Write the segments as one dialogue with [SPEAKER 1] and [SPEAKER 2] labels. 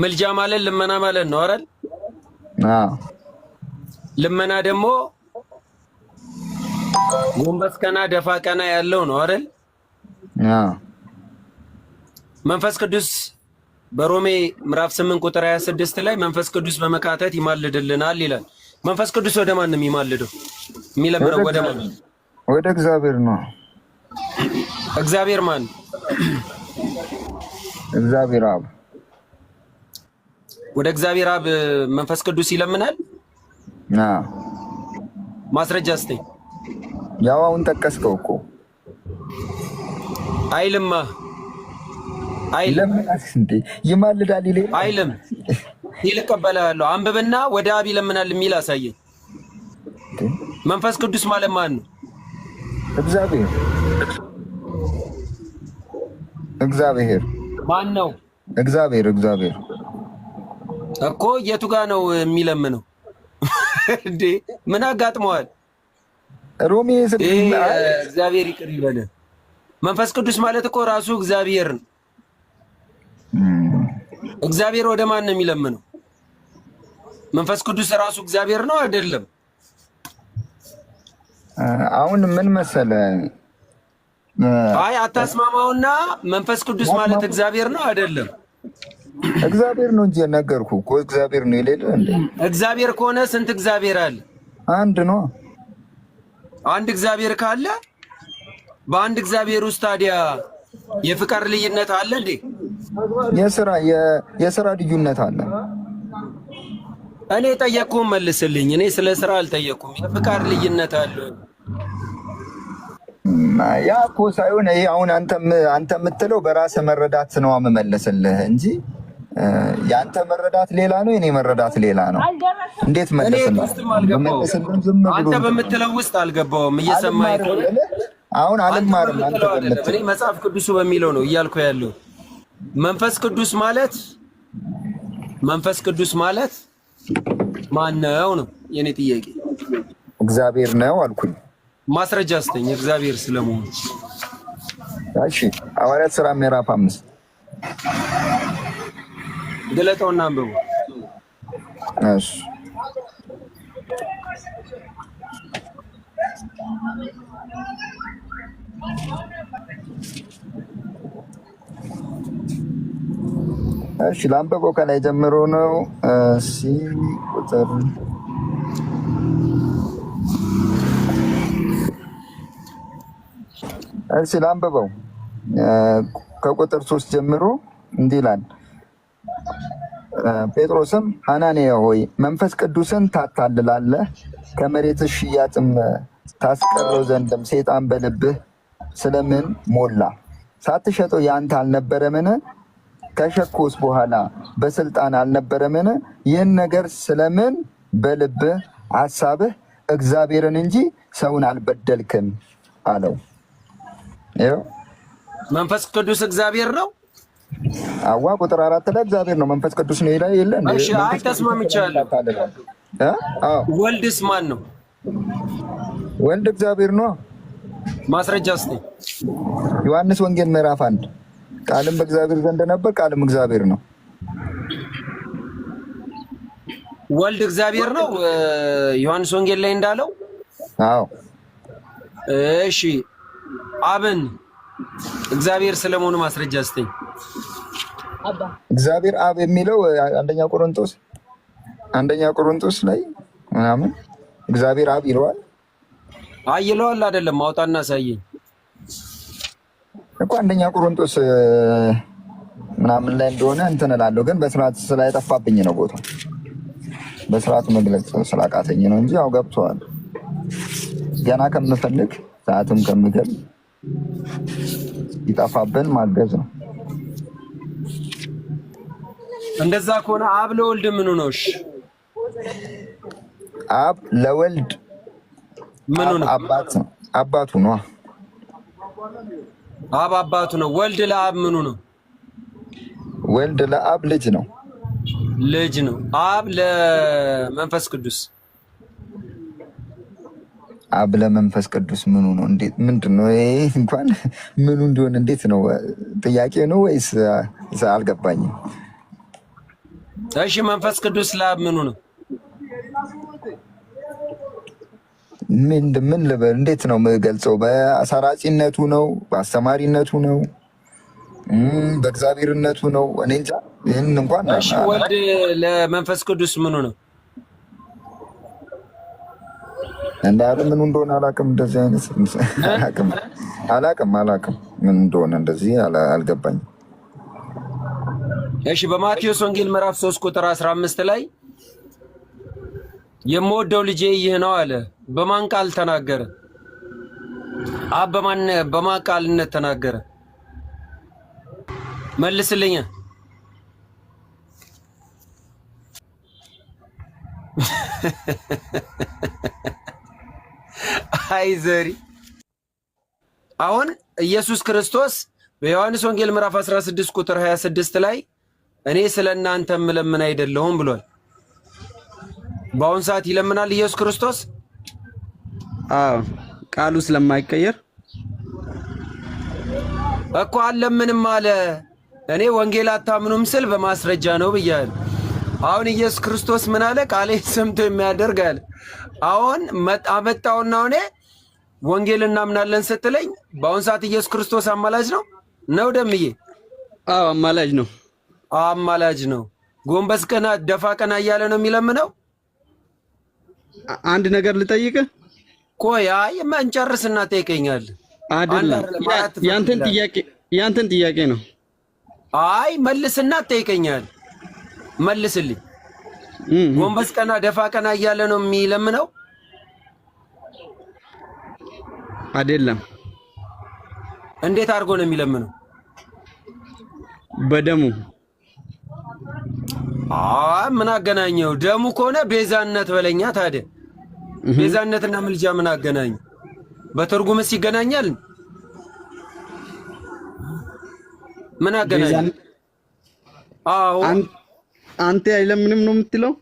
[SPEAKER 1] ምልጃ ማለት ልመና ማለት ነው አይደል? ልመና ደግሞ ጎንበስ ቀና ደፋ ቀና ያለው ነው አይደል? መንፈስ ቅዱስ በሮሜ ምዕራፍ 8 ቁጥር 26 ላይ መንፈስ ቅዱስ በመካተት ይማልድልናል ይላል። መንፈስ ቅዱስ ወደ ማን ነው የሚማልደው? የሚለምነው ወደ ማን?
[SPEAKER 2] ወደ እግዚአብሔር ነው።
[SPEAKER 1] እግዚአብሔር ማን?
[SPEAKER 2] እግዚአብሔር አብ
[SPEAKER 1] ወደ እግዚአብሔር አብ መንፈስ ቅዱስ ይለምናል። ማስረጃ ስተኝ
[SPEAKER 2] ያው አሁን ጠቀስከው እኮ አይልማ አይልም ይማልዳል ይለ
[SPEAKER 1] አይልም ይልቀበላለሁ አንብብና ወደ አብ ይለምናል የሚል አሳየ። መንፈስ ቅዱስ ማለት ማን ነው?
[SPEAKER 2] እግዚአብሔር እግዚአብሔር ማን ነው? እግዚአብሔር እግዚአብሔር
[SPEAKER 1] እኮ የቱ ጋ ነው የሚለምነው? እንዴ ምን አጋጥመዋል? ሮሜ እግዚአብሔር ይቅር ይበለ። መንፈስ ቅዱስ ማለት እኮ ራሱ እግዚአብሔር ነው። እግዚአብሔር ወደ ማን ነው የሚለምነው? መንፈስ ቅዱስ ራሱ እግዚአብሔር ነው አይደለም?
[SPEAKER 2] አሁን ምን መሰለ፣
[SPEAKER 1] አይ አታስማማውና መንፈስ ቅዱስ ማለት እግዚአብሔር ነው አይደለም?
[SPEAKER 2] እግዚአብሔር ነው እንጂ ነገርኩ እኮ እግዚአብሔር ነው የሌለ እንዴ?
[SPEAKER 1] እግዚአብሔር ከሆነ ስንት እግዚአብሔር አለ? አንድ ነው። አንድ እግዚአብሔር ካለ በአንድ እግዚአብሔር ውስጥ ታዲያ የፍቃድ ልዩነት አለ እንዴ?
[SPEAKER 2] የስራ የስራ ልዩነት አለ።
[SPEAKER 1] እኔ ጠየቅኩም መልስልኝ። እኔ ስለ ስራ አልጠየቅኩም። የፍቃድ ልዩነት አለ።
[SPEAKER 2] ያ እኮ ሳይሆን ይሄ አሁን አንተ የምትለው በራስህ መረዳት ነው የምመልስልህ እንጂ ያንተ መረዳት ሌላ ነው፣ የኔ መረዳት ሌላ ነው። እንዴት መለስልአንተ
[SPEAKER 1] በምትለው ውስጥ አልገባውም። እየሰማኸኝ
[SPEAKER 2] አሁን አልማርም።
[SPEAKER 1] እኔ መጽሐፍ ቅዱሱ በሚለው ነው እያልኩ ያለው መንፈስ ቅዱስ ማለት መንፈስ ቅዱስ ማለት ማን ነው ነው የኔ ጥያቄ።
[SPEAKER 2] እግዚአብሔር ነው አልኩኝ።
[SPEAKER 1] ማስረጃ አስተኝ እግዚአብሔር ስለመሆኑ
[SPEAKER 2] እሺ ሐዋርያት ስራ ምዕራፍ አምስት
[SPEAKER 1] ግለጠውና አንብቡ።
[SPEAKER 2] እሺ እሺ ላንብበው። ከላይ ጀምሮ ነው ሲ ቁጥር እሺ ላንብበው ከቁጥር ሶስት ጀምሮ እንዲህ ይላል ጴጥሮስም ሐናንያ ሆይ መንፈስ ቅዱስን ታታልላለህ፣ ከመሬት ሽያጥም ታስቀረው ዘንድም ሴጣን በልብህ ስለምን ሞላ? ሳትሸጠው የአንተ አልነበረምን? ከሸኮስ በኋላ በስልጣን አልነበረምን? ይህን ነገር ስለምን በልብህ አሳብህ እግዚአብሔርን እንጂ ሰውን አልበደልክም አለው።
[SPEAKER 1] መንፈስ ቅዱስ እግዚአብሔር ነው።
[SPEAKER 2] አዋ ቁጥር አራት ላይ እግዚአብሔር ነው መንፈስ ቅዱስ ነው ይላል የለ
[SPEAKER 1] አይ ተስማምቻለሁ ወልድስ ማን ነው
[SPEAKER 2] ወልድ እግዚአብሔር ነው ማስረጃ እስኪ ዮሐንስ ወንጌል ምዕራፍ አንድ ቃልም በእግዚአብሔር ዘንድ ነበር ቃልም እግዚአብሔር ነው
[SPEAKER 1] ወልድ እግዚአብሔር ነው ዮሐንስ ወንጌል ላይ እንዳለው አዎ እሺ አብን እግዚአብሔር ስለመሆኑ ማስረጃ እስኪ
[SPEAKER 2] እግዚአብሔር አብ የሚለው አንደኛ ቆሮንቶስ አንደኛ ቆሮንቶስ ላይ ምናምን እግዚአብሔር አብ ይለዋል
[SPEAKER 1] አይለዋል አይደለም። አውጣና ሳየኝ
[SPEAKER 2] እኮ አንደኛ ቆሮንቶስ ምናምን ላይ እንደሆነ እንትን እላለሁ፣ ግን በስርዓት ስላይጠፋብኝ ነው ቦታ በስርዓቱ መግለጽ ስላቃተኝ ነው እንጂ ያው ገብተዋል። ገና ከምፈልግ ሰዓትም ከምገል ይጠፋብን ማገዝ ነው።
[SPEAKER 1] እንደዛ ከሆነ አብ ለወልድ ምኑ ነው? እሺ
[SPEAKER 2] አብ ለወልድ ምኑ ነው? አባቱ ነው።
[SPEAKER 1] አብ አባቱ ነው። ወልድ ለአብ ምኑ ነው?
[SPEAKER 2] ወልድ ለአብ ልጅ ነው።
[SPEAKER 1] ልጅ ነው። አብ ለመንፈስ ቅዱስ
[SPEAKER 2] አብ ለመንፈስ ቅዱስ ምኑ ነው? እንዴት ምንድን ነው ይሄ? እንኳን ምኑ እንደሆነ እንዴት ነው ጥያቄ ነው ወይስ አልገባኝም?
[SPEAKER 1] እሺ መንፈስ ቅዱስ ለአብ ነው?
[SPEAKER 2] ምን ምን ልበል? እንዴት ነው የምገልጸው? በአሳራጺነቱ ነው? በአስተማሪነቱ ነው? በእግዚአብሔርነቱ ነው? እኔ እንጃ። ይህን እንኳን
[SPEAKER 1] እሺ። ወልድ ለመንፈስ ቅዱስ ምኑ ነው?
[SPEAKER 2] እንዳለ አለ ምኑ እንደሆነ አላውቅም። እንደዚህ አይነት አላውቅም፣ አላውቅም፣ ምን እንደሆነ እንደዚህ አልገባኝም።
[SPEAKER 1] እሺ በማቴዎስ ወንጌል ምዕራፍ 3 ቁጥር 15 ላይ የምወደው ልጄ ይህ ነው አለ። በማን ቃል ተናገረ? አብ በማን በማን ቃልነት ተናገረ? መልስልኝ። አይ ዘሪ አሁን ኢየሱስ ክርስቶስ በዮሐንስ ወንጌል ምዕራፍ 16 ቁጥር 26 ላይ እኔ ስለ እናንተ ምለምን አይደለሁም ብሏል። በአሁን ሰዓት ይለምናል ኢየሱስ ክርስቶስ?
[SPEAKER 2] አዎ ቃሉ ስለማይቀየር
[SPEAKER 1] እኮ አለምንም አለ። እኔ ወንጌል አታምኑም ስል በማስረጃ ነው ብያለሁ። አሁን ኢየሱስ ክርስቶስ ምን አለ? ቃሌ ሰምቶ የሚያደርግ አለ። አሁን አመጣውና ሆነ ወንጌል እናምናለን ስትለኝ፣ በአሁን ሰዓት ኢየሱስ ክርስቶስ አማላጅ ነው ነው? ደምዬ?
[SPEAKER 2] አዎ አማላጅ ነው።
[SPEAKER 1] አማላጅ ነው። ጎንበስ ቀና ደፋ ቀና እያለ ነው የሚለምነው።
[SPEAKER 2] አንድ ነገር ልጠይቅ።
[SPEAKER 1] ቆይ አይ እንጨርስና ጠይቀኛል።
[SPEAKER 2] አይደለም ያንተን ጥያቄ ያንተን ጥያቄ ነው።
[SPEAKER 1] አይ መልስና ጠይቀኛል። መልስልኝ። ጎንበስ ቀና ደፋ ቀና እያለ ነው የሚለምነው አይደለም? እንዴት አድርጎ ነው የሚለምነው? በደሙ ምን አገናኘው? ደሙ ከሆነ ቤዛነት በለኛ። ታዲያ ቤዛነትና ምልጃ ምን አገናኘው? በትርጉምስ ይገናኛል? ምን አገናኘ?
[SPEAKER 2] አዎ አንተ ምንም ነው የምትለው?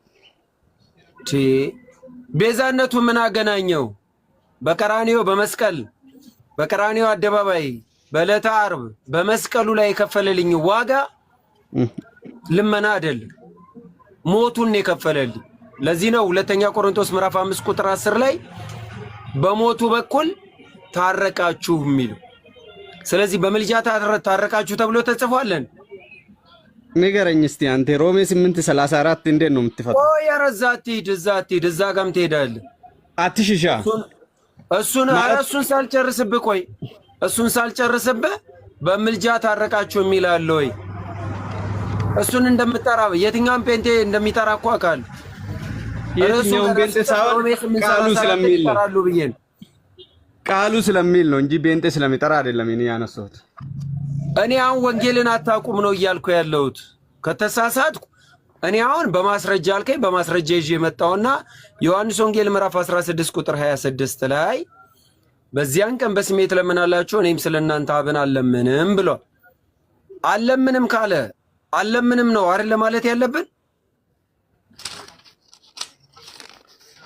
[SPEAKER 1] ቤዛነቱ ምን አገናኘው? በቀራኒዮ በመስቀል በቀራኒዮ አደባባይ በዕለተ ዓርብ በመስቀሉ ላይ የከፈለልኝ ዋጋ ልመና አይደለም፣ ሞቱን የከፈለልኝ። ለዚህ ነው ሁለተኛ ቆሮንቶስ ምዕራፍ አምስት ቁጥር አስር ላይ በሞቱ በኩል ታረቃችሁ የሚለው። ስለዚህ በምልጃ ታረቃችሁ ተብሎ ተጽፏለን።
[SPEAKER 2] ንገረኝ እስቲ አንተ ሮሜ 8 34 እንዴት ነው የምትፈታው?
[SPEAKER 1] ኦ ያረዛ አትሂድ፣ እዛ አትሂድ፣ እዛ ጋም ትሄዳለህ።
[SPEAKER 2] አትሽሻ እሱን
[SPEAKER 1] እሱን ሳልጨርስብህ ቆይ እሱን ሳልጨርስብህ በምልጃ ታረቃችሁ የሚላለ ወይ እሱን እንደምጠራ የትኛውን ጴንጤ እንደሚጠራ እኮ አውቃለሁ።
[SPEAKER 2] የትኛውን ጴንጤ ሳይሆን ቃሉ ስለሚል ነው ቃሉ ስለሚል ነው እንጂ ጴንጤ ስለሚጠራ አይደለም። እኔ ያነሳሁት
[SPEAKER 1] እኔ አሁን ወንጌልን አታውቁም ነው እያልኩ ያለሁት ከተሳሳትኩ እኔ አሁን በማስረጃ አልከኝ፣ በማስረጃ ይዤ የመጣውና ዮሐንስ ወንጌል ምዕራፍ 16 ቁጥር 26 ላይ በዚያን ቀን በስሜ ትለምናላችሁ እኔም ስለ እናንተ አብን አለምንም ብሏል። አለምንም ካለ አለምንም ነው አይደለ ማለት ያለብን።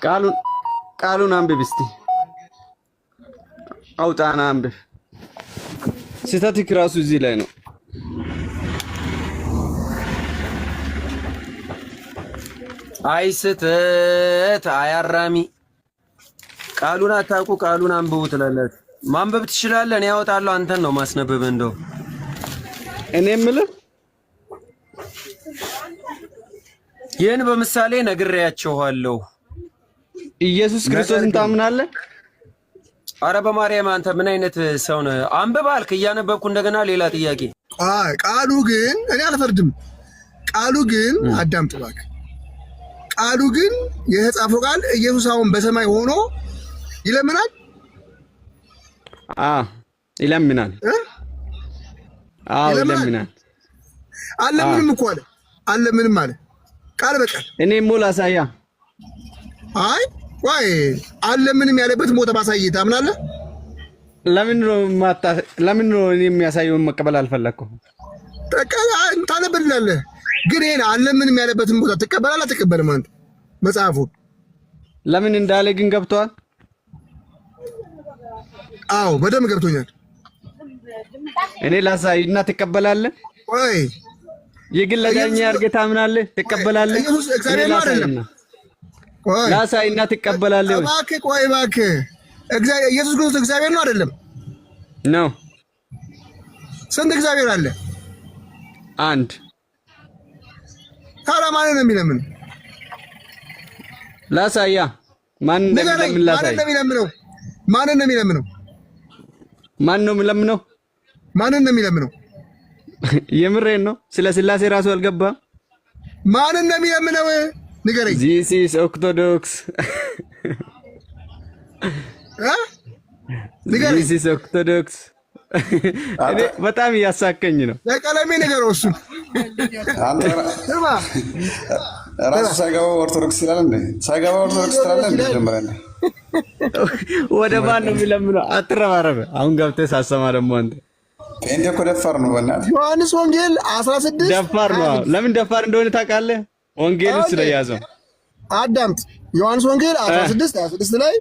[SPEAKER 2] ቃሉን ቃሉን አንብብ እስቲ አውጣና አንብብ። ስህተትህ ራሱ እዚህ ላይ ነው።
[SPEAKER 1] አይ ስህተት አያራሚ ቃሉን አታውቁ፣ ቃሉን አንብቡ ትላላችሁ። ማንበብ ትችላለህ። እኔ ያወጣለሁ። አንተን ነው ማስነብብ እንደው እኔ የምልህ ይህን በምሳሌ ነግሬያችኋለሁ።
[SPEAKER 2] ኢየሱስ ክርስቶስን ታምናለህ?
[SPEAKER 1] አረ በማርያም አንተ ምን አይነት ሰው ነህ? አንብባልክ እያነበብኩ እንደገና ሌላ ጥያቄ።
[SPEAKER 2] ቃሉ ግን እኔ አልፈርድም። ቃሉ ግን አዳምጥ እባክህ። ቃሉ ግን የተጻፈው ቃል ኢየሱስ አሁን በሰማይ ሆኖ ይለምናል፣ ይለምናል፣ ይለምናል። አለምንም እኮ አለ፣ አለምንም አለ ቃል በቃል
[SPEAKER 1] እኔ ሞል አሳያ
[SPEAKER 2] አይ ዋይ አለ ምንም ያለበት ሞተ ባሳይ ታምናለህ?
[SPEAKER 1] ለምን ነው ለምን ነው እኔ የሚያሳየውን መቀበል አልፈለኩም።
[SPEAKER 2] ተቀበል ታለብልላለህ፣ ግን ይሄን አለ ምንም ያለበትን ቦታ ትቀበላለህ አትቀበልም አንተ መጽሐፉ
[SPEAKER 1] ለምን እንዳለ ግን ገብቷል።
[SPEAKER 2] አዎ በደንብ ገብቶኛል።
[SPEAKER 1] እኔ ላሳይና ትቀበላለህ ወይ? የግል ለዳኛ አድርገህ ታምናለህ? ትቀበላለህ? ላሳይና ትቀበላለህ?
[SPEAKER 2] እባክህ ቆይ እባክህ ኢየሱስ ክርስቶስ እግዚአብሔር ነው አይደለም? ነው። ስንት እግዚአብሔር አለ? አንድ። ታዲያ ማንን ነው የሚለምን?
[SPEAKER 1] ላሳያ ማንን ነው የሚለምነው?
[SPEAKER 2] ማንን ነው የሚለምነው?
[SPEAKER 1] ማን ነው የሚለምነው?
[SPEAKER 2] ማንን ነው የሚለምነው?
[SPEAKER 1] የምሬን ነው። ስለ ስላሴ ራሱ አልገባ።
[SPEAKER 2] ማን ነው የሚለምነው? ንገረኝ።
[SPEAKER 1] ዚስ ኢዝ ኦርቶዶክስ ንገረኝ። ዚስ ኢዝ ኦርቶዶክስ በጣም እያሳከኝ ነው።
[SPEAKER 2] ለቀለሜ ንገረው። እሱ ራሱ ሳይገባ ኦርቶዶክስ ይላል እንዴ? ሳይገባ ኦርቶዶክስ ትላለህ እንዴ? ጀመረ
[SPEAKER 1] ወደ ማን ነው የሚለምነው? አትረባረበ። አሁን ገብተህ ሳሰማ ደግሞ አንተ
[SPEAKER 2] ጴንጤ እኮ ደፋር ነው። በእናትህ
[SPEAKER 1] ዮሐንስ ወንጌል 16 ደፋር ነው። ለምን ደፋር እንደሆነ ታውቃለህ? ወንጌል ስለያዘው
[SPEAKER 2] አዳምት ዮሐንስ ወንጌል 16 26 ላይ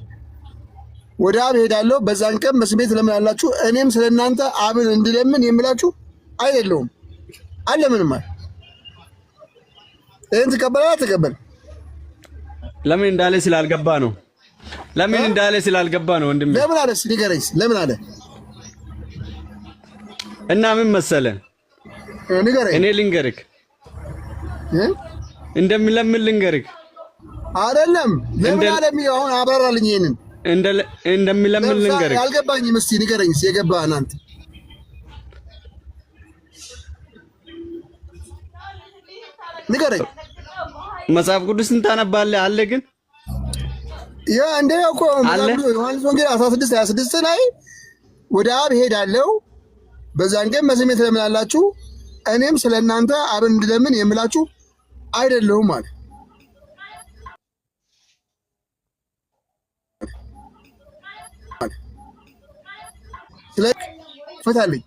[SPEAKER 2] ወደ አብ ሄዳለሁ፣ በዛን ቀን በስሜት ለምን ትለምናላችሁ፣ እኔም ስለ እናንተ አብን እንድለምን የምላችሁ አይደለሁም አለ። ምንም አይደል። ይህን ትቀበላለህ አትቀበል?
[SPEAKER 1] ለምን እንዳለ ስላልገባ ነው። ለምን እንዳለ ስላልገባ ነው
[SPEAKER 2] ወንድሜ። ለምን አለ ንገረኝ። ለምን አለ
[SPEAKER 1] እና ምን መሰለ እኔ ልንገርክ እንደምለምን ልንገርክ
[SPEAKER 2] አይደለም ለምን አለም አሁን አብራራልኝ ይሄንን
[SPEAKER 1] እንደምለምን ልንገርህ።
[SPEAKER 2] አልገባኝም። እስኪ ንገረኝ የገባህን አንተ። ንገረኝ።
[SPEAKER 1] መጽሐፍ ቅዱስን ታነባለህ አለ? ግን
[SPEAKER 2] ያ እንደ እኮ ዮሐንስ ወንጌል 16 26 ላይ ወደ አብ ሄዳለሁ በዚያን ቀን በስሜ ትለምናላችሁ፣ እኔም ስለ እናንተ አብን እንድለምን የምላችሁ አይደለሁም አለ። ፈታለኝ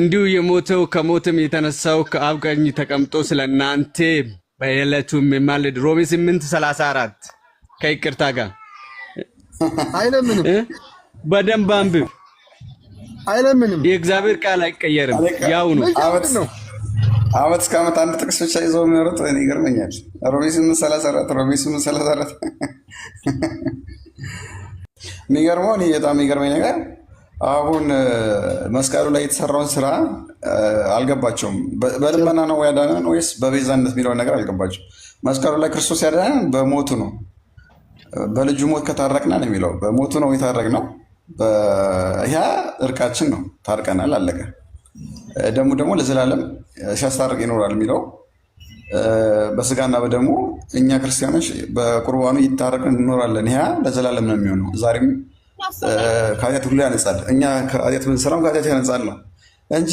[SPEAKER 1] እንዲሁ የሞተው ከሞትም የተነሳው ከአብ ቀኝ ተቀምጦ ስለ እናንተ በየዕለቱም የማልድ ሮሜ ስምንት ሰላሳ አራት ከይቅርታ ጋር አይለምንም። በደንብ አንብብ። አይለምንም። የእግዚአብሔር ቃል አይቀየርም፣ ያው ነው።
[SPEAKER 2] አመት እስከ አመት አንድ ጥቅስ ብቻ ይዘው የሚኖሩት እኔ ይገርመኛል። ሮሜ ስምንት ሰላሳ አራት ሮሜ ስምንት ሰላሳ አራት የሚገርመው እኔ በጣም የሚገርመኝ ነገር አሁን መስቀሉ ላይ የተሰራውን ስራ አልገባቸውም። በልመና ነው ያዳነን ወይስ በቤዛነት የሚለውን ነገር አልገባቸው። መስቀሉ ላይ ክርስቶስ ያዳነን በሞቱ ነው፣ በልጁ ሞት ከታረቅና ነው የሚለው። በሞቱ ነው የታረቅ ነው ያ እርቃችን ነው። ታርቀናል፣ አለቀ። ደሙ ደግሞ ለዘላለም ሲያስታርቅ ይኖራል የሚለው በስጋና በደሙ እኛ ክርስቲያኖች በቁርባኑ ይታረቅን እንኖራለን። ያ ለዘላለም ነው የሚሆነው። ዛሬም ከኃጢአት ሁሉ ያነጻል። እኛ ከኃጢአት ብንሰራም ከኃጢአት ያነጻል ነው እንጂ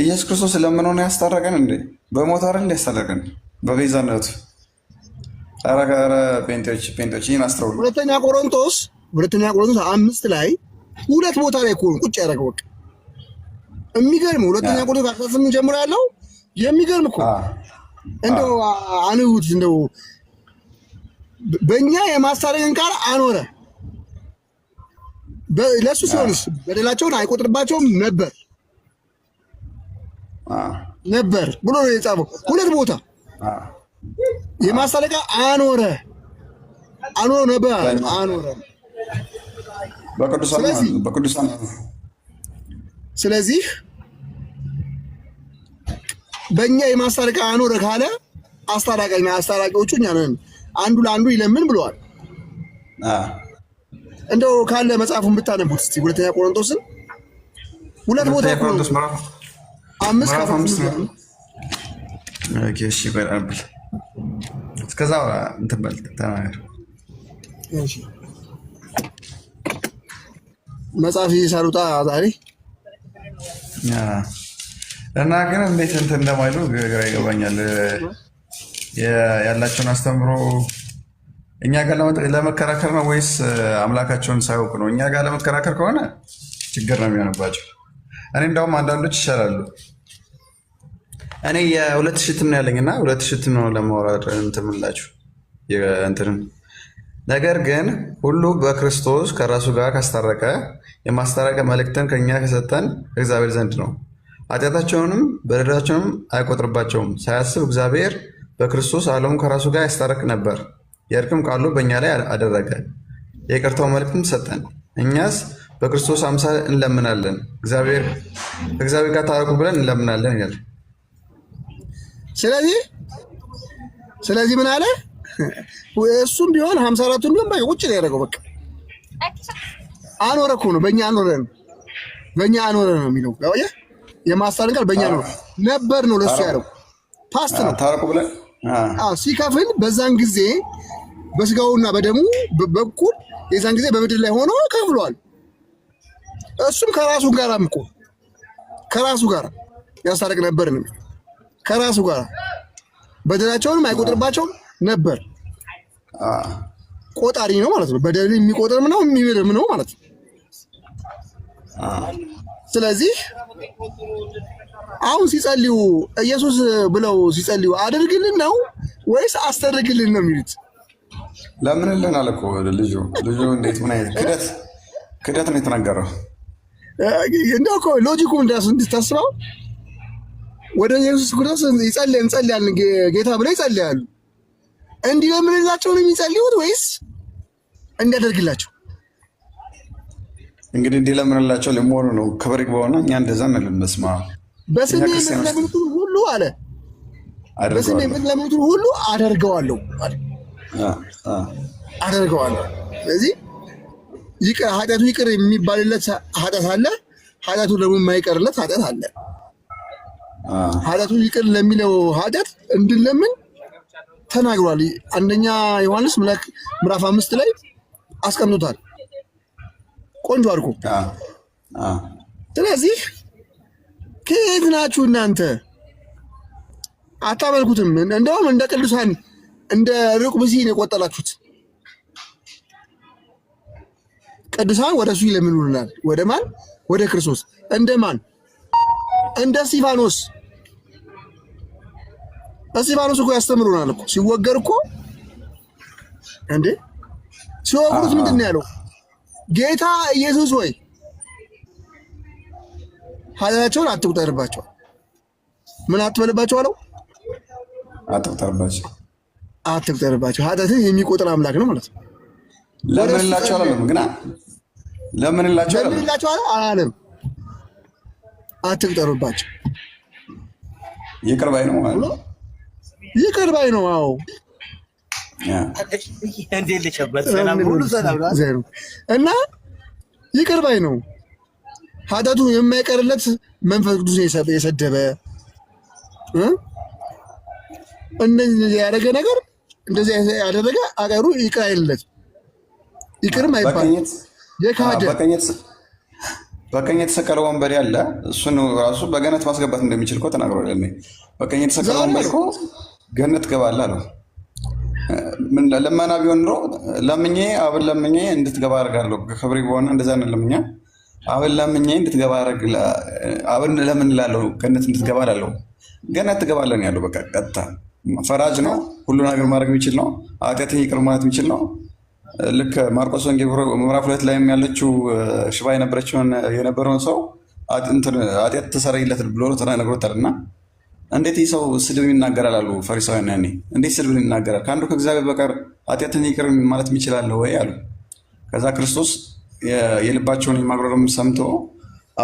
[SPEAKER 2] ኢየሱስ ክርስቶስ ለምን ሆነ ያስታረቀን? እንዴ በሞት አይደል ያስታረቀን በቤዛነቱ። ኧረ ጴንጤዎች ጴንጤዎች ይህን አስተውሉ።
[SPEAKER 1] ሁለተኛ ቆሮንቶስ ሁለተኛ ቆሮንቶስ አምስት ላይ ሁለት ቦታ ላይ እኮ ቁጭ ያደረገ በቃ የሚገርም ሁለተኛ ቆሮንቶስ አስራ ስምንት ጀምሮ ያለው የሚገርም እኮ እንደ አንሁት እንደ በእኛ የማስታረቅን ቃል አኖረ። ለእሱ ሲሆንስ በደላቸውን አይቆጥርባቸውም ነበር ነበር ብሎ ነው የጻፈው። ሁለት ቦታ የማስታረቅ አኖረ አኖረ ነበር አኖረ
[SPEAKER 2] በቅዱሳን
[SPEAKER 1] ስለዚህ በእኛ የማስታረቂያ አኖረ ካለ አስታራቂ አስታራቂዎቹ እኛ ነን። አንዱ ለአንዱ ይለምን ብለዋል። እንደው ካለ መጽሐፉን ብታነቡት እስቲ ሁለተኛ ቆሮንቶስን ሁለት ቦታ ቆሮንቶስ አምስት ከፍ
[SPEAKER 2] እንትን በል ተናገር
[SPEAKER 1] እሺ መጽሐፍ ይሰሩታ ዛሬ
[SPEAKER 2] እና ግን እንዴት እንትን እንደማይሉ ግራ ይገባኛል። ያላቸውን አስተምሮ እኛ ጋር ለመከራከር ነው ወይስ አምላካቸውን ሳያውቅ ነው? እኛ ጋር ለመከራከር ከሆነ ችግር ነው የሚሆንባቸው። እኔ እንደውም አንዳንዶች ይሻላሉ። እኔ የሁለት ሽትም ነው ያለኝ እና ሁለት ሽትም ነው ለማውራድ እንትምላችሁ እንትንን ነገር ግን ሁሉ በክርስቶስ ከራሱ ጋር ካስታረቀ የማስታረቀ መልእክትን ከኛ ከሰጠን እግዚአብሔር ዘንድ ነው። ኃጢአታቸውንም በደላቸውንም አይቆጥርባቸውም ሳያስብ እግዚአብሔር በክርስቶስ ዓለሙን ከራሱ ጋር ያስታረቅ ነበር፣ የእርቅም ቃሉ በእኛ ላይ አደረገ፣ የይቅርታው መልእክትም ሰጠን። እኛስ በክርስቶስ አምሳል እንለምናለን፣ እግዚአብሔር ጋር ታረቁ ብለን እንለምናለን ይላል።
[SPEAKER 1] ስለዚህ ስለዚህ ምን አለ? እሱም ቢሆን ሀምሳ አራቱን ቢሆን ውጭ ነው ያደረገው። በቃ አኖረ እኮ ነው በእኛ አኖረ ነው በእኛ አኖረ ነው የሚለው የማስታርን ቃል በእኛ ኖረ ነበር ነው ለሱ ያለው ፓስት ነው ሲከፍል በዛን ጊዜ በስጋውና በደሙ በኩል የዛን ጊዜ በምድር ላይ ሆኖ ከፍሏል። እሱም ከራሱ ጋር ምቆ ከራሱ ጋር ያስታርቅ ነበር ከራሱ ጋር በደላቸውንም አይቆጥርባቸውም ነበር። ቆጣሪ ነው ማለት ነው። በደል የሚቆጥርም ነው የሚምርም ነው ማለት ነው። ስለዚህ አሁን ሲጸልዩ ኢየሱስ ብለው ሲጸልዩ አድርግልን ነው ወይስ አስተርግልን ነው የሚሉት?
[SPEAKER 2] ለምንልን አለ እኮ ልጁ። ልጁ እንዴት ምን አይነት ክደት ክደት ነው የተነገረው?
[SPEAKER 1] እንደ እኮ ሎጂኩ እንዳሱ እንድታስበው ወደ ኢየሱስ ክርስቶስ ይጸልያል እንጸልያል ጌታ ብለው ይጸልያሉ እንዲህ ለምንላቸው ነው የሚጸልዩት ወይስ እንዲያደርግላቸው?
[SPEAKER 2] እንግዲህ እንዲህ ለምንላቸው ለመሆኑ ነው። ክብር ይግባውና እኛ እንደዛ መልመስማ
[SPEAKER 1] በስሜ የምትለምኑትን ሁሉ አለ በስሜ የምትለምኑትን ሁሉ አደርገዋለሁ አደርገዋለሁ። ስለዚህ ይቅር ኃጢአቱ ይቅር የሚባልለት ኃጢአት አለ። ኃጢአቱ ደግሞ የማይቀርለት ኃጢአት አለ። ኃጢአቱ ይቅር ለሚለው ኃጢአት እንድንለምን ተናግሯል። አንደኛ ዮሐንስ ምዕራፍ አምስት ላይ አስቀምጦታል ቆንጆ አድርጎ። ስለዚህ ከየት ናችሁ እናንተ? አታመልኩትም። እንደውም እንደ ቅዱሳን እንደ ርቁ ብሲ ነው የቆጠላችሁት። ቅዱሳን ወደ እሱ ይለምኑልናል። ወደ ማን? ወደ ክርስቶስ። እንደ ማን? እንደ እስጢፋኖስ እዚህ ባሉስ እኮ ያስተምሩናል እኮ ሲወገር እኮ እንዴ ሲወግሩት ምንድን ነው ያለው? ጌታ ኢየሱስ ወይ ኃጢአታቸውን አትቁጠርባቸው። ምን አትበልባቸው አለው?
[SPEAKER 2] አትቁጠርባቸው፣
[SPEAKER 1] አትቁጠርባቸው። ኃጢአትን የሚቆጥር አምላክ ነው ማለት ነው።
[SPEAKER 2] ለምን እላቸው አላለም ግና ለምን እላቸው
[SPEAKER 1] አለም አትቁጠርባቸው፣
[SPEAKER 2] ይቅር ባይ ነው ማለት ነው።
[SPEAKER 1] ይቅር ባይ ነው። አዎ እና ይቅር ባይ ነው። ኃጢአቱ የማይቀርለት መንፈስ ቅዱስ የሰደበ እንደዚህ ያደረገ ነገር እንደዚህ ያደረገ አገሩ ይቅር አይለት ይቅርም አይባል
[SPEAKER 2] የካደ በቀኝ የተሰቀለ ወንበር ያለ እሱን ራሱ በገነት ማስገባት እንደሚችል እኮ ተናግሯል። በቀኝ የተሰቀለ ወንበር እኮ ገነት ትገባለህ አለው። ለመና ቢሆን ኑሮ ለምኜ አብን ለምኜ እንድትገባ አደርጋለሁ። ክብሬ በሆነ እንደዛ ነው ለምኛ አብን ለምኜ እንድትገባ አደርግ አብን ለምን ላለው ገነት እንድትገባ ላለው ገነት ትገባለን ያለው በቃ ቀጥታ። ፈራጅ ነው፣ ሁሉ ነገር ማድረግ የሚችል ነው፣ ኃጢአትን ይቅር ማለት የሚችል ነው። ልክ ማርቆስ ወንጌል ምዕራፍ ሁለት ላይም ያለችው ሽባ የነበረችውን የነበረውን ሰው አጤት ተሰረይለት ብሎ ተናግሮታል እና እንዴት ይህ ሰው ስድብን ይናገራል አሉ ፈሪሳውያን። ያኔ እንዴት ስድብ ይናገራል? ከአንዱ ከእግዚአብሔር በቀር ኃጢአትን ይቅር ማለት የሚችላለ ወይ አሉ። ከዛ ክርስቶስ የልባቸውን የማጉረርም ሰምቶ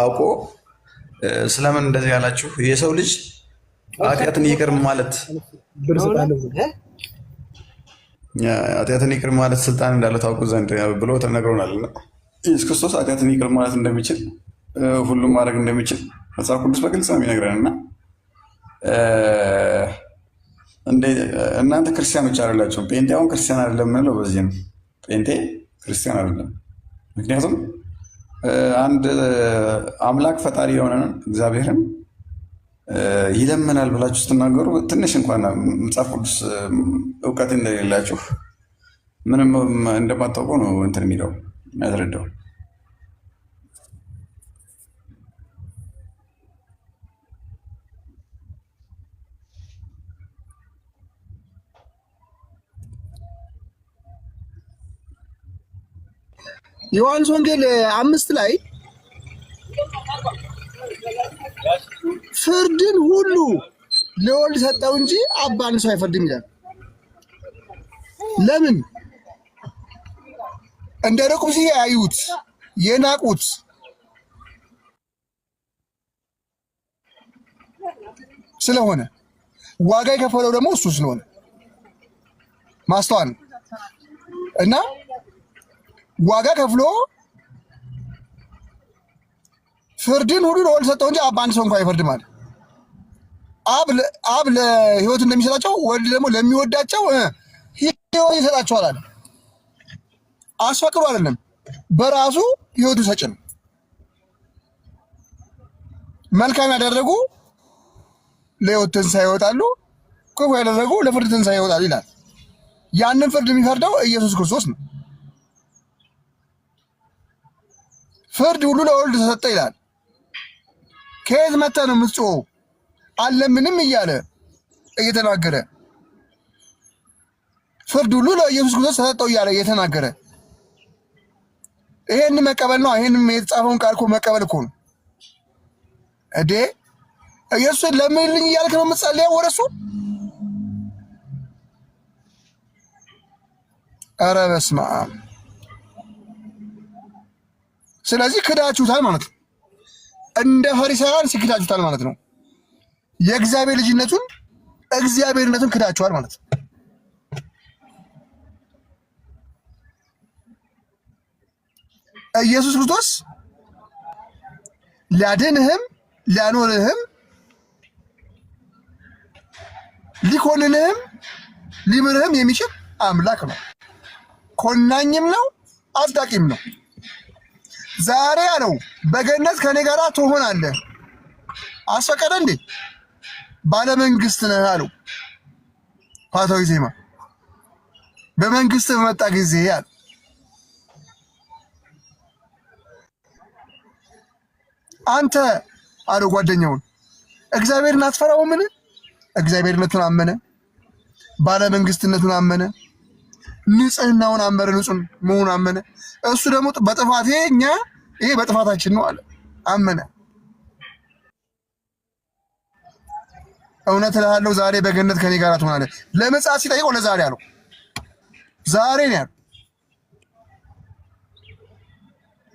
[SPEAKER 2] አውቆ ስለምን እንደዚህ ያላችሁ የሰው ልጅ ኃጢአትን ይቅር ማለት ኃጢአትን ይቅር ማለት ስልጣን እንዳለ ታውቁ ዘንድ ብሎ ተነግሮናል። ኢየሱስ ክርስቶስ ኃጢአትን ይቅር ማለት እንደሚችል ሁሉም ማድረግ እንደሚችል መጽሐፍ ቅዱስ በግልጽ ነው የሚነግረን እና እናንተ ክርስቲያኖች አይደላችሁም። ጴንጤ አሁን ክርስቲያን አይደለም የምንለው በዚህ ነው። ጴንጤ ክርስቲያን አይደለም። ምክንያቱም አንድ አምላክ ፈጣሪ የሆነን እግዚአብሔርን ይለምናል ብላችሁ ስትናገሩ ትንሽ እንኳን መጽሐፍ ቅዱስ እውቀት እንደሌላችሁ ምንም እንደማታውቁ ነው እንትን የሚለው ያስረዳው።
[SPEAKER 1] ዮሐንስ ወንጌል አምስት ላይ ፍርድን ሁሉ ለወልድ ሰጠው እንጂ አብ አንድ ሰው አይፈርድም ይላል። ለምን እንደ ርቁ ሲል ያዩት የናቁት ስለሆነ ዋጋ የከፈለው ደግሞ እሱ ስለሆነ ማስተዋል እና ዋጋ ከፍሎ ፍርድን ሁሉ ለወልድ ሰጠው እንጂ አብ አንድ ሰው እንኳ አይፈርድም አለ። አብ ለህይወት እንደሚሰጣቸው ወልድ ደግሞ ለሚወዳቸው ህይወት ይሰጣቸዋል አለ። አስፈቅዶ አይደለም በራሱ ህይወቱ ሰጭ ነው። መልካም ያደረጉ ለህይወት ትንሣኤ ይወጣሉ፣ ክፉ ያደረጉ ለፍርድ ትንሣኤ ይወጣሉ ይላል። ያንን ፍርድ የሚፈርደው ኢየሱስ ክርስቶስ ነው። ፍርድ ሁሉ ለወልድ ተሰጠ ይላል። ከየት መጣ ነው ምጽ አለ ምንም እያለ እየተናገረ ፍርድ ሁሉ ለኢየሱስ ክርስቶስ ተሰጠው እያለ እየተናገረ ይሄን መቀበል ነው። ይሄን የተጻፈውን ቃል እኮ መቀበል እኮ ነው እዴ ኢየሱስ ለምን እያልክ ነው የምትጸልየው? ወረሱ ኧረ በስመ አብ ስለዚህ ክዳችሁታል ማለት ነው። እንደ ፈሪሳውያን ሲክዳችሁታል ማለት ነው። የእግዚአብሔር ልጅነቱን እግዚአብሔርነቱን ክዳችኋል ማለት ነው። ኢየሱስ ክርስቶስ ሊያድንህም ሊያኖርህም ሊኮንንህም ሊምርህም የሚችል አምላክ ነው። ኮናኝም ነው፣ አጽዳቂም ነው። ዛሬ አለው በገነት ከኔ ጋር ትሆናለህ። አስፈቀደ እንዴ? ባለመንግስት ነህ አለው። ፓታዊ ዜማ በመንግስት በመጣ ጊዜ አለ አንተ አለው ጓደኛውን እግዚአብሔርን አትፈራውምን? እግዚአብሔርነቱን አመነ፣ ባለመንግስትነቱን አመነ። ንጽህናውን አመረ ንጹህ መሆኑን አመነ። እሱ ደግሞ በጥፋቴ እኛ ይሄ በጥፋታችን ነው አለ አመነ። እውነት እልሃለሁ ዛሬ በገነት ከኔ ጋር ትሆናለህ። ለመጽሐፍ ሲጠይቀው ለዛሬ አለው ዛሬ ነው ያለው።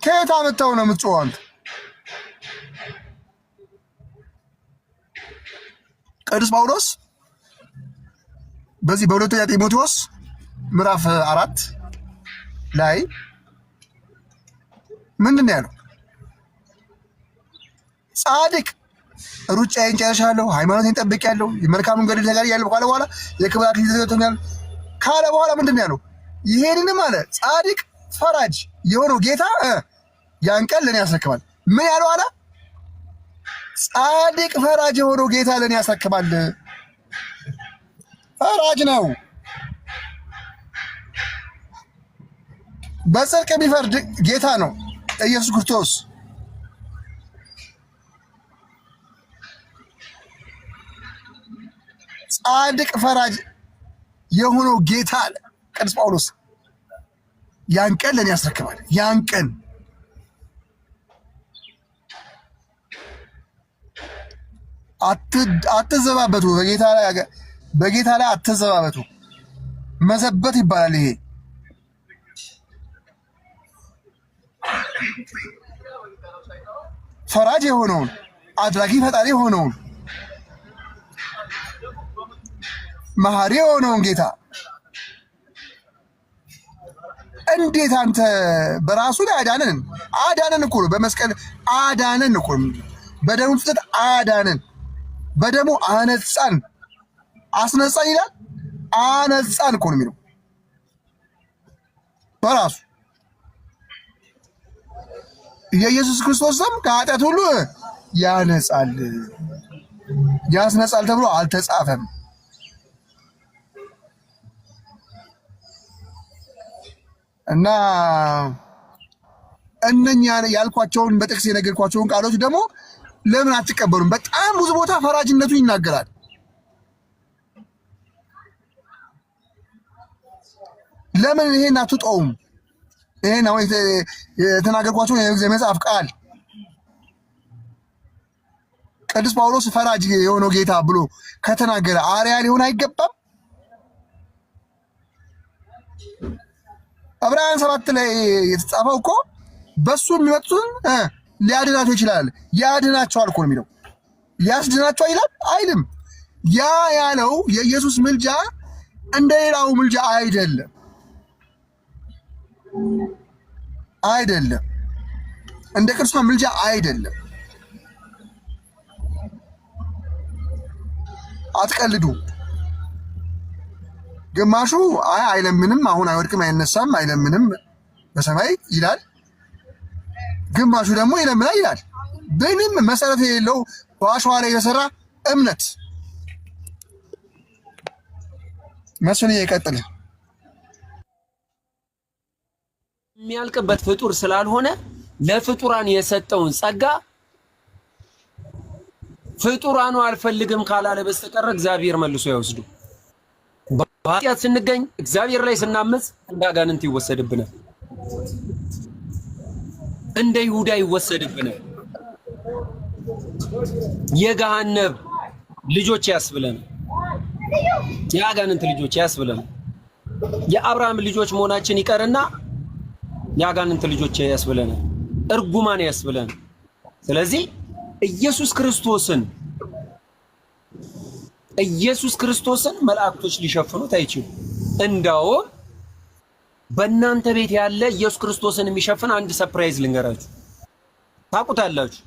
[SPEAKER 1] ከየት አመጣው ነው የምትጮኸው አንተ? ቅዱስ ጳውሎስ በዚህ በሁለተኛ ጢሞቴዎስ ምዕራፍ አራት ላይ ምንድን ነው ያለው? ጻድቅ ሩጫዬን ጨርሻለሁ፣ ሃይማኖቴን ጠብቄያለሁ፣ የመልካሙን ገድል ተጋድያለሁ ካለ በኋላ የክብር አክሊል ተሰጥቶኛል ካለ በኋላ ምንድን ነው ያለው? ይሄንንም አለ ጻድቅ ፈራጅ የሆነው ጌታ ያን ቀን ለእኔ ያስረክባል። ምን ያለው አለ? ጻድቅ ፈራጅ የሆነው ጌታ ለእኔ ያስረክባል። ፈራጅ ነው። በጽድቅ የሚፈርድ ጌታ ነው ኢየሱስ ክርስቶስ። ጻድቅ ፈራጅ የሆነው ጌታ አለ ቅዱስ ጳውሎስ። ያን ቀን ለእኔ ያስረክባል። ያን ቀን አትዘባበቱ፣ በጌታ ላይ አትዘባበቱ። መዘበት ይባላል ይሄ ፈራጅ የሆነውን አድራጊ ፈጣሪ የሆነውን መሀሪ የሆነውን ጌታ እንዴት አንተ በራሱ ላይ አዳነን አዳነን እኮ ነው። በመስቀል አዳነን እኮ ነው። በደሙ ፍጥረት አዳነን። በደሙ አነጻን፣ አስነጻን ይላል። አነጻን እኮ ነው የሚለው በራሱ የኢየሱስ ክርስቶስ ደም ከኃጢአት ሁሉ ያነጻል ያስነጻል ተብሎ አልተጻፈም። እና እነኛ ያልኳቸውን በጥቅስ የነገርኳቸውን ቃሎች ደግሞ ለምን አትቀበሉም? በጣም ብዙ ቦታ ፈራጅነቱ ይናገራል። ለምን ይሄን አትጠውም? ይህን አሁን የተናገርኳቸው የመጽሐፍ ቃል ቅዱስ ጳውሎስ ፈራጅ የሆነው ጌታ ብሎ ከተናገረ አርያ ሊሆን አይገባም። ዕብራውያን ሰባት ላይ የተጻፈው እኮ በሱ የሚመጡትን ሊያድናቸው ይችላል። ያድናቸዋል እኮ ነው የሚለው። ያስድናቸው ይላል አይልም። ያ ያለው የኢየሱስ ምልጃ እንደ ሌላው ምልጃ አይደለም። አይደለም፣ እንደ ቅዱሳን ምልጃ አይደለም። አትቀልዱ። ግማሹ አይ አይለምንም፣ አሁን አይወድቅም፣ አይነሳም፣ አይለምንም በሰማይ ይላል። ግማሹ ደግሞ ይለምናል ይላል። ምንም መሰረት የሌለው በአሸዋ ላይ የተሰራ እምነት መስሉ እየቀጥል የሚያልቅበት ፍጡር ስላልሆነ ለፍጡራን የሰጠውን ጸጋ ፍጡራኑ አልፈልግም ካላለ በስተቀር እግዚአብሔር መልሶ አይወስዱ። በኃጢአት ስንገኝ እግዚአብሔር ላይ ስናመፅ እንደ አጋንንት ይወሰድብናል፣ እንደ ይሁዳ ይወሰድብናል። የገሃነብ ልጆች ያስብለን የአጋንንት ልጆች ያስብለናል። የአብርሃም ልጆች መሆናችን ይቀርና የአጋንንት ልጆች ያስብለናል፣ እርጉማን ያስብለናል። ስለዚህ ኢየሱስ ክርስቶስን ኢየሱስ ክርስቶስን መላእክቶች ሊሸፍኑት አይችሉ። እንዳውም በእናንተ ቤት ያለ ኢየሱስ ክርስቶስን የሚሸፍን አንድ ሰርፕራይዝ ልንገራችሁ። ታውቁታላችሁ።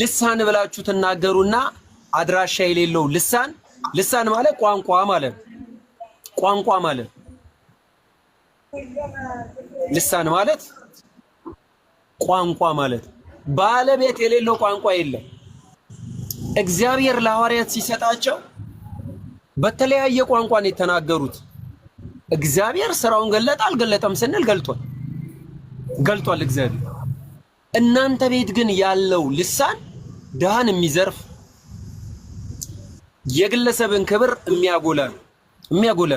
[SPEAKER 1] ልሳን ብላችሁ ትናገሩና አድራሻ የሌለው ልሳን ልሳን ማለት ቋንቋ ማለት ቋንቋ ማለት ልሳን ማለት ቋንቋ ማለት ባለቤት የሌለው ቋንቋ የለም። እግዚአብሔር ለሐዋርያት ሲሰጣቸው በተለያየ ቋንቋ ነው የተናገሩት። እግዚአብሔር ስራውን ገለጠ አልገለጠም ስንል ገልጧል፣ ገልጧል እግዚአብሔር። እናንተ ቤት ግን ያለው ልሳን ድሃን የሚዘርፍ የግለሰብን ክብር የሚያጎላ የሚያጎላ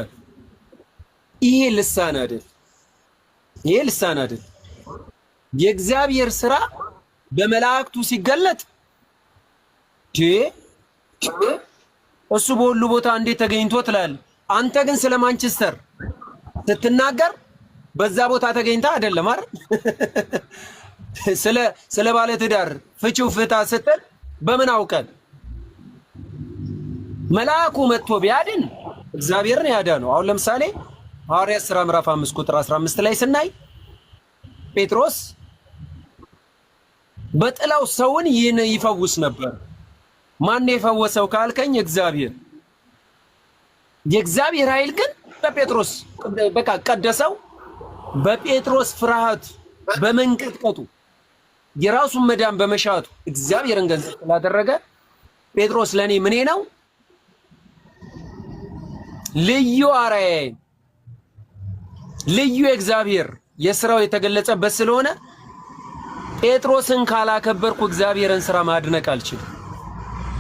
[SPEAKER 1] ይሄ ልሳን አይደል ይሄ ልሳን አይደል። የእግዚአብሔር ስራ በመላእክቱ ሲገለጥ እሱ በሁሉ ቦታ እንዴት ተገኝቶ ትላል አንተ ግን ስለ ማንቸስተር ስትናገር በዛ ቦታ ተገኝታ አይደለም አይደል? ስለ ስለ ባለ ትዳር ፍቺው ፍታ ስትል በምን አውቀን? መልአኩ መጥቶ ቢያድን እግዚአብሔርን ያዳነው። አሁን ለምሳሌ ሐዋርያት ሥራ ምዕራፍ 5 ቁጥር 15 ላይ ስናይ ጴጥሮስ በጥላው ሰውን ይህን ይፈውስ ነበር። ማን የፈወሰው ካልከኝ እግዚአብሔር። የእግዚአብሔር ኃይል ግን በጴጥሮስ በቃ ቀደሰው። በጴጥሮስ ፍርሃት በመንቀጥቀጡ የራሱን መዳን በመሻቱ እግዚአብሔርን ገንዘብ ስላደረገ ጴጥሮስ ለእኔ ምኔ ነው ልዩ አርአያዬ ልዩ እግዚአብሔር የስራው የተገለጸበት ስለሆነ ጴጥሮስን ካላከበርኩ እግዚአብሔርን ስራ ማድነቅ አልችልም።